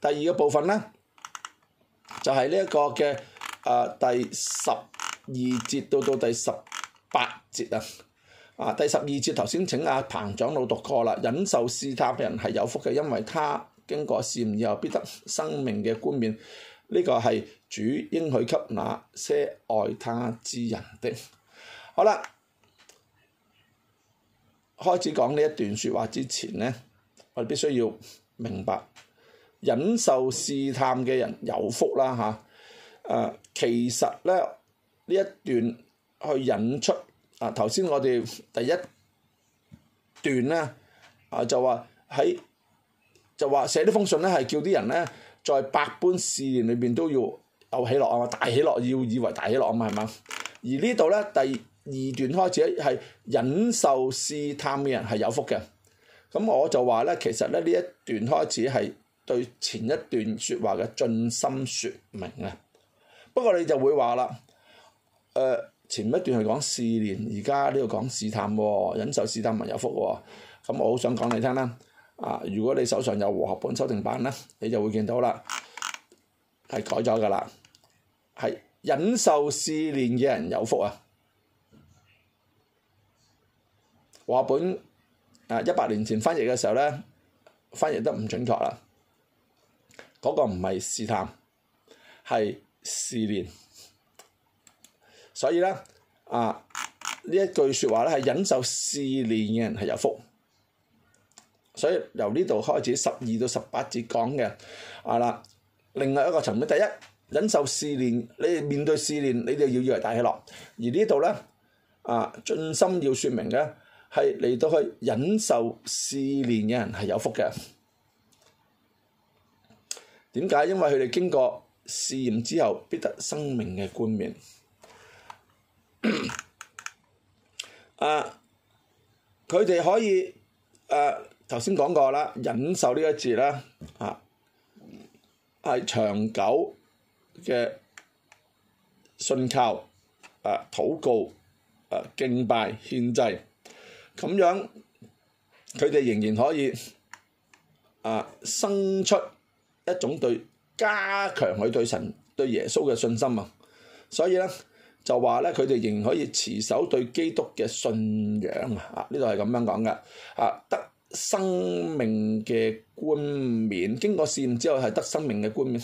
第二個部分咧，就係呢一個嘅、呃、第十二節到到第十八節啊，啊，第十二節頭先請阿、啊、彭長老讀過啦。忍受試探嘅人係有福嘅，因為他經過試驗以後，必得生命嘅冠冕。呢、這個係主應許給那些愛他之人的。 好啦，開始講呢一段説話之前咧，我哋必須要明白。忍受試探嘅人有福啦嚇！誒、啊，其實咧呢一段去引出啊，頭先我哋第一段咧啊就話喺，就話寫呢封信咧係叫啲人咧，在百般試驗裏邊都要有起落。啊大起落，要以為大起落啊嘛係嘛？而呢度咧第二段開始係忍受試探嘅人係有福嘅，咁我就話咧其實咧呢一段開始係。對前一段説話嘅盡心説明啊，不過你就會話啦、呃，前一段係講試練，而家呢度講試探喎、哦，忍受試探文有福喎、哦，咁我好想講你聽啦，啊如果你手上有和合本修訂版咧，你就會見到啦，係改咗㗎啦，係忍受試練嘅人有福啊！和合本、啊、一百年前翻譯嘅時候咧，翻譯得唔準確啦。嗰個唔係試探，係試煉，所以咧啊，呢一句説話咧係忍受試煉嘅人係有福，所以由呢度開始十二到十八節講嘅啊啦，另外一個層面，第一忍受試煉，你面對試煉，你哋要以為大喜樂，而呢度咧啊，盡心要説明嘅係嚟到去忍受試煉嘅人係有福嘅。點解？因為佢哋經過試驗之後，必得生命嘅冠冕。啊！佢哋可以誒頭先講過啦，忍受呢一節啦，啊係長久嘅信靠、誒禱告、誒敬拜、獻祭，咁樣佢哋仍然可以啊生出一種對加強佢對神、對耶穌嘅信心啊，所以咧就話咧佢哋仍可以持守對基督嘅信仰啊！呢度係咁樣講嘅啊，得生命嘅冠冕，經過試驗之後係得生命嘅冠冕，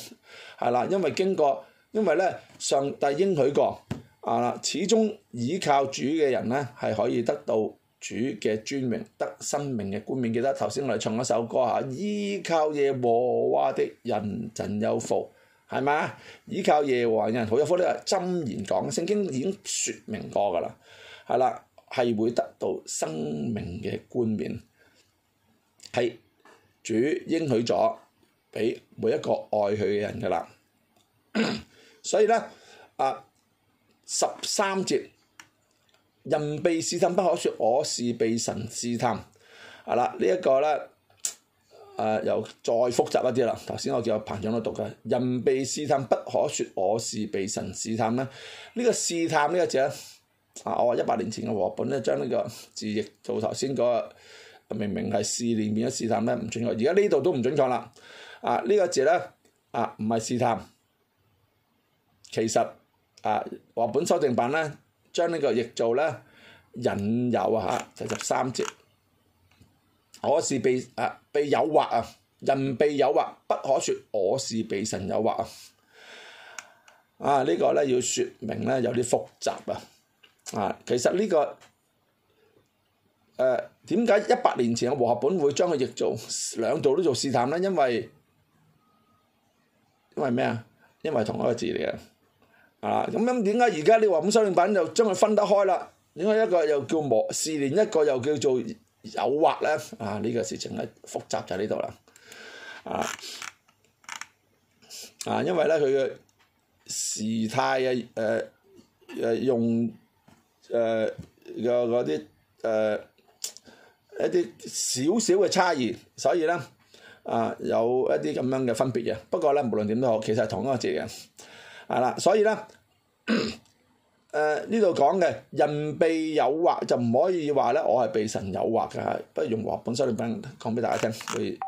係啦，因為經過，因為咧上帝應許過啊啦，始終倚靠主嘅人咧係可以得到。主嘅尊名、得生命嘅冠冕，記得頭先我哋唱一首歌嚇，依靠耶和華的人真有福，係咪？依靠耶和華嘅人，好有福，呢個真言講，聖經已經説明過㗎啦，係啦，係會得到生命嘅冠冕，係主應許咗俾每一個愛佢嘅人㗎啦， 所以咧，啊十三節。人被試探，不可説我是被神試探，係啦，呢一個咧，誒又再複雜一啲啦。頭先我叫我彭長老讀嘅，人被試探，不可説我是被神試探咧。呢個試探呢個字咧，啊，我話一百年前嘅和本咧，將呢個字譯做頭先嗰個明明係試練變咗試探咧，唔準確。而家呢度都唔準確啦。啊，呢個字咧，啊唔係試探，其實啊和本修正版咧。將呢個譯做咧引誘啊嚇，第十三節。我是被啊被誘惑啊，人被誘惑不可説我是被神誘惑啊。啊，呢個咧要説明咧有啲複雜啊。啊，其實呢個誒點解一百年前嘅和合本會將佢譯做兩度都做試探咧？因為因為咩啊？因為同一個字嚟嘅。咁咁點解而家你話咁收銀品就將佢分得開啦？點解一個又叫磨試練，一個又叫做誘惑咧？啊，呢、這個事情係複雜就喺呢度啦。啊啊，因為咧佢嘅時態嘅誒誒用誒嘅嗰啲誒一啲少少嘅差異，所以咧啊有一啲咁樣嘅分別嘅。不過咧，無論點都好，其實係同一個字嘅。係、啊、啦，所以咧。誒，呢度講嘅人被誘惑就唔可以話咧，我係被神誘惑嘅。不如用和合本修訂版講俾大家聽，會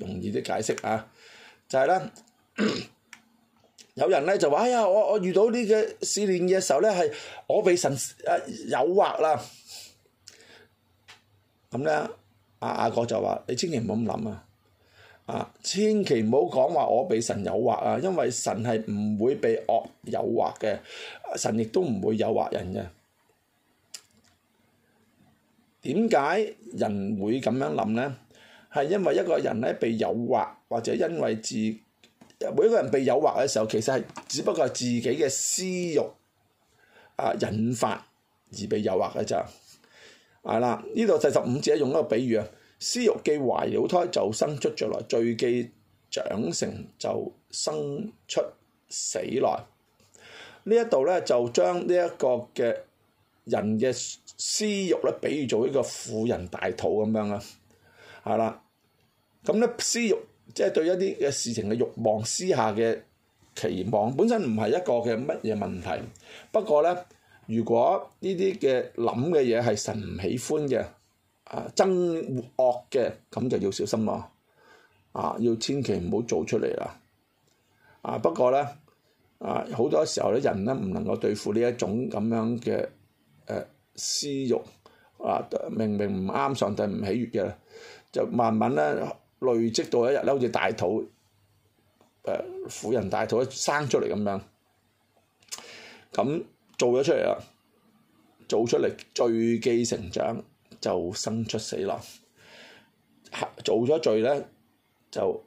容易啲解釋啊。就係咧，有人咧就話，哎呀，我我遇到呢個試煉嘅時候咧，係我被神誒誘惑啦。咁咧，阿阿哥就話，你千祈唔好咁諗啊。啊、千祈唔好講話我被神誘惑啊，因為神係唔會被惡誘惑嘅，神亦都唔會誘惑人嘅。點解人會咁樣諗呢？係因為一個人咧被誘惑，或者因為自每一個人被誘惑嘅時候，其實係只不過係自己嘅私欲，啊、引發而被誘惑嘅咋。係、啊、啦，呢度第十五節用一個比喻啊。私欲既懷了胎，就生出罪來；罪既長成，就生出死來。呢一度咧就將呢一個嘅人嘅私欲咧，比喻做一個婦人大肚咁樣啦，係啦。咁咧私欲，即係對一啲嘅事情嘅慾望、私下嘅期望，本身唔係一個嘅乜嘢問題。不過咧，如果呢啲嘅諗嘅嘢係神唔喜歡嘅，憎惡嘅咁就要小心咯，啊要千祈唔好做出嚟啦。啊不過咧，啊好多時候咧，人咧唔能夠對付呢一種咁樣嘅誒、呃、私慾，啊明明唔啱上帝唔喜悅嘅，就慢慢咧累積到一日咧，好似大肚誒、呃、婦人大肚一生出嚟咁樣，咁做咗出嚟啦，做出嚟最機成長。就生出死來，做咗罪咧就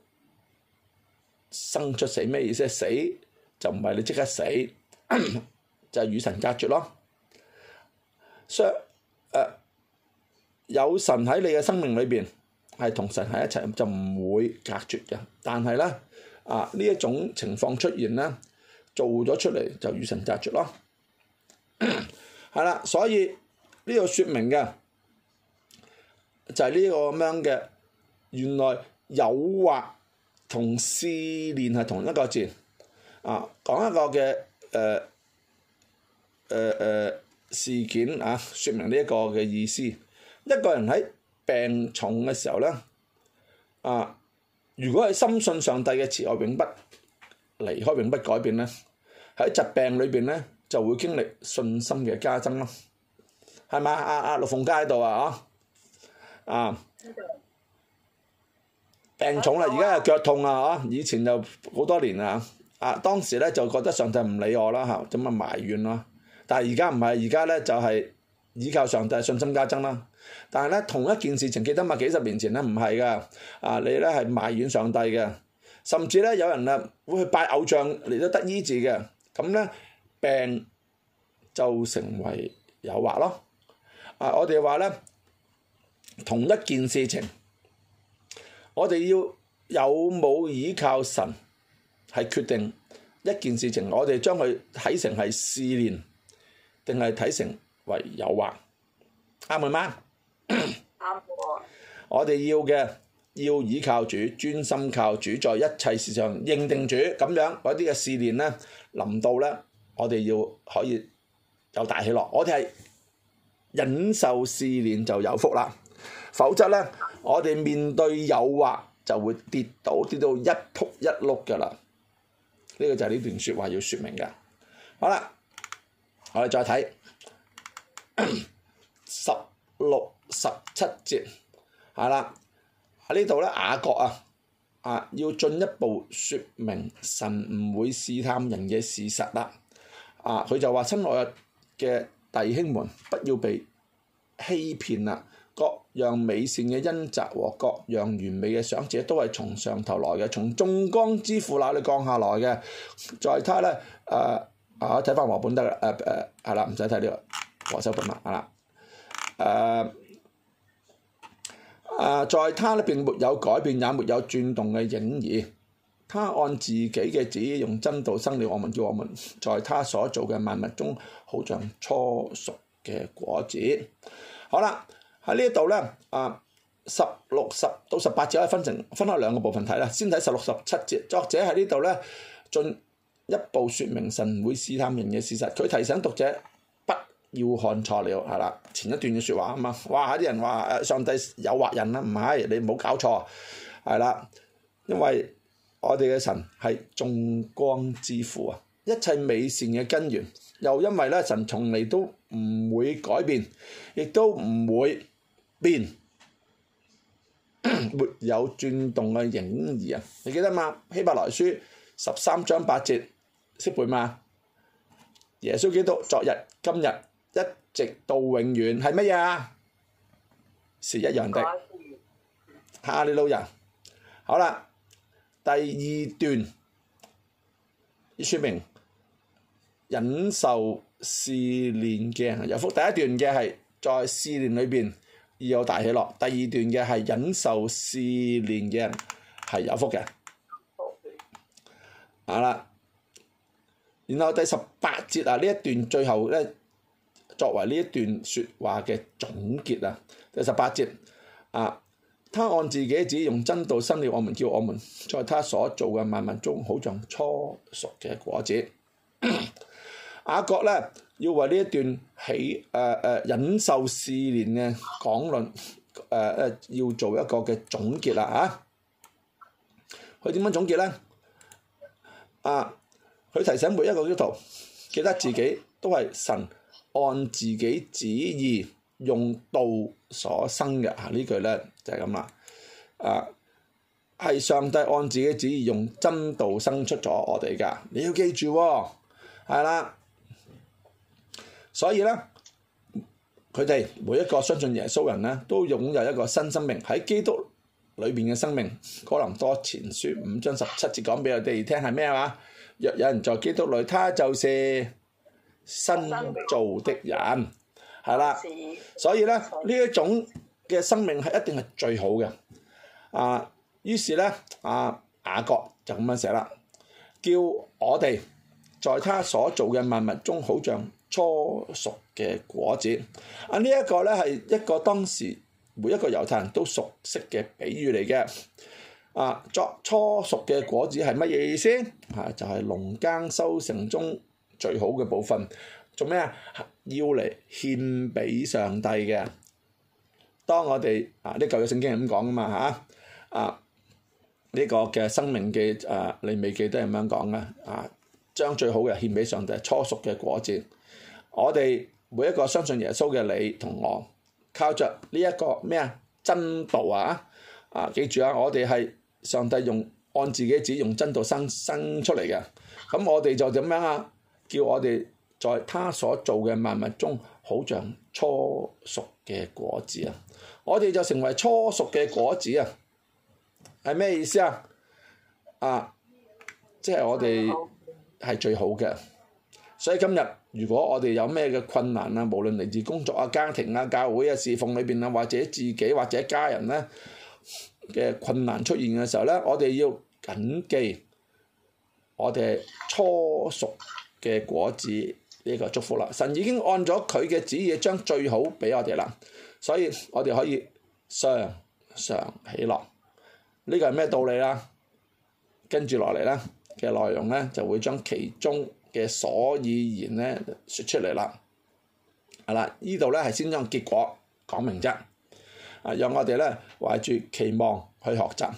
生出死咩意思？死就唔係你即刻死，就係與神隔絕咯。相誒有神喺你嘅生命裏邊，係同神喺一齊，就唔會隔絕嘅。但係咧啊，呢一種情況出現咧，做咗出嚟就與神隔絕咯。係啦，所以呢個説明嘅。就係呢個咁樣嘅，原來誘惑同試煉係同一個字，啊，講一個嘅誒誒誒事件啊，説明呢一個嘅意思。一個人喺病重嘅時候咧，啊，如果係深信上帝嘅慈愛永不離開、永不改變咧，喺疾病裏邊咧就會經歷信心嘅加增咯，係咪啊？啊啊，陸鳳佳喺度啊，哦～啊，病重啦，而家又腳痛啊，嗬！以前就好多年啦，啊當時咧就覺得上帝唔理我啦，嚇，咁啊埋怨咯。但係而家唔係，而家咧就係依靠上帝信心加增啦。但係咧同一件事情，記得嘛？幾十年前咧唔係嘅，啊你咧係埋怨上帝嘅，甚至咧有人啊會去拜偶像嚟都得醫治嘅，咁咧病就成為誘惑咯。啊，我哋話咧。同一件事情，我哋要有冇倚靠神係決定一件事情我。 我哋將佢睇成係試煉，定係睇成為誘惑？啱唔啱？啱。我哋要嘅要倚靠主，專心靠主，在一切事上認定主。咁樣嗰啲嘅試煉咧，臨到咧，我哋要可以有大喜樂，我哋係忍受試煉就有福啦。否則咧，我哋面對誘惑就會跌倒，跌到一仆一碌噶啦。呢個就係呢段説話要説明嘅。好啦，我哋再睇十六、十七節，係啦。喺呢度咧，雅各啊，啊要進一步説明神唔會試探人嘅事實啦。啊，佢就話：親愛嘅弟兄們，不要被欺騙啦。各樣美善嘅恩澤和各樣完美嘅賞賜，都係從上頭來嘅，從眾光之父那裡降下來嘅。在他呢，誒、呃，我睇翻和本得誒、啊、誒，係、啊、啦，唔使睇呢個《和修本》物。係、啊、啦，誒、啊、誒，在他呢並沒有改變，也沒有轉動嘅影兒。他按自己嘅旨意，用真道生了我們，叫我們在他所造嘅萬物中，好像初熟嘅果子。好啦。喺呢度咧，啊，十六十到十八節可以分成分開兩個部分睇啦。先睇十六十七節，作者喺呢度咧進一步説明神會試探人嘅事實。佢提醒讀者不要看錯了，係啦，前一段嘅説話啊嘛。哇！啲人話上帝誘惑人啦，唔係，你唔好搞錯，係啦，因為我哋嘅神係眾光之父啊，一切美善嘅根源。又因為咧，神從嚟都唔會改變，亦都唔會變沒有轉動嘅影兒啊！你記得嘛？希伯來書十三章八節識背嘛？耶穌基督，昨日、今日一直到永遠係乜嘢啊？是一樣的。哈利路亞！好啦，第二段要説明忍受試煉嘅有福。第一段嘅係在試煉裏邊，要有大喜樂。第二段嘅係忍受試煉嘅人係有福嘅。Okay. 啊啦，然後第十八節啊，呢一段最後咧，作為呢一段説話嘅總結啊。第十八節啊，他按自己旨用真道生了我們，叫我們在他所做嘅萬物中，好像初熟嘅果子。 雅各咧要為呢一段起誒誒、呃、忍受試煉嘅講論誒誒、呃、要做一個嘅總結啦嚇。佢、啊、點樣總結咧？啊！佢提醒每一個基督徒，記得自己都係神按自己旨意用道所生嘅嚇。呢句咧就係咁啦。啊，係、就是啊、上帝按自己旨意用真道生出咗我哋噶，你要記住喎、哦，係啦。所以咧，佢哋每一個相信耶穌人咧，都擁有一個新生命喺基督裏邊嘅生命。哥林多前書五章十七節講俾我哋聽係咩話？若有人在基督裏，他就是新造的人，係啦。所以咧，呢一種嘅生命係一定係最好嘅。啊，於是咧，阿、啊、雅各就咁樣寫啦，叫我哋在他所做嘅萬物中好，好像，初熟嘅果子，啊、這個、呢一個咧係一個當時每一個猶太人都熟悉嘅比喻嚟嘅，啊，作初熟嘅果子係乜嘢意思？啊就係農耕收成中最好嘅部分，做咩啊？要嚟獻俾上帝嘅。當我哋啊呢舊嘅聖經係咁講噶嘛嚇，啊呢、這個嘅、啊這個、生命記啊你未記得係咁樣講啊，啊將最好嘅獻俾上帝，初熟嘅果子。我哋每一個相信耶穌嘅你同我，靠着呢一個咩啊真道啊，啊記住啊，我哋係上帝用按自己旨用真道生生出嚟嘅，咁我哋就點樣啊？叫我哋在他所做嘅萬物中，好像初熟嘅果子啊，我哋就成為初熟嘅果子啊，係咩意思啊？啊，即係我哋係最好嘅，所以今日。如果我哋有咩嘅困難啊，無論嚟自工作啊、家庭啊、教會啊、侍奉裏邊啊，或者自己或者家人咧嘅困難出現嘅時候咧，我哋要謹記我哋初熟嘅果子呢個祝福啦，神已經按咗佢嘅旨意將最好俾我哋啦，所以我哋可以常常喜樂，呢個係咩道理啦？跟住落嚟咧嘅內容咧就會將其中。嘅所以言咧，説出嚟啦，係啦，呢度咧係先將結果講明啫。啊，讓我哋咧懷住期望去學習，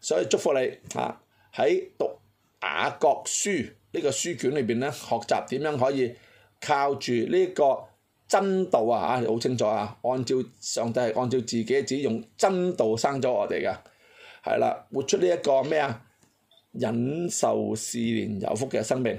所以祝福你啊！喺讀雅各書呢個書卷裏邊咧，學習點樣可以靠住呢個真道啊！嚇，好清楚啊！按照上帝係按照自己嘅旨意用真道生咗我哋嘅，係啦，活出呢一個咩啊？忍受試煉有福嘅生命。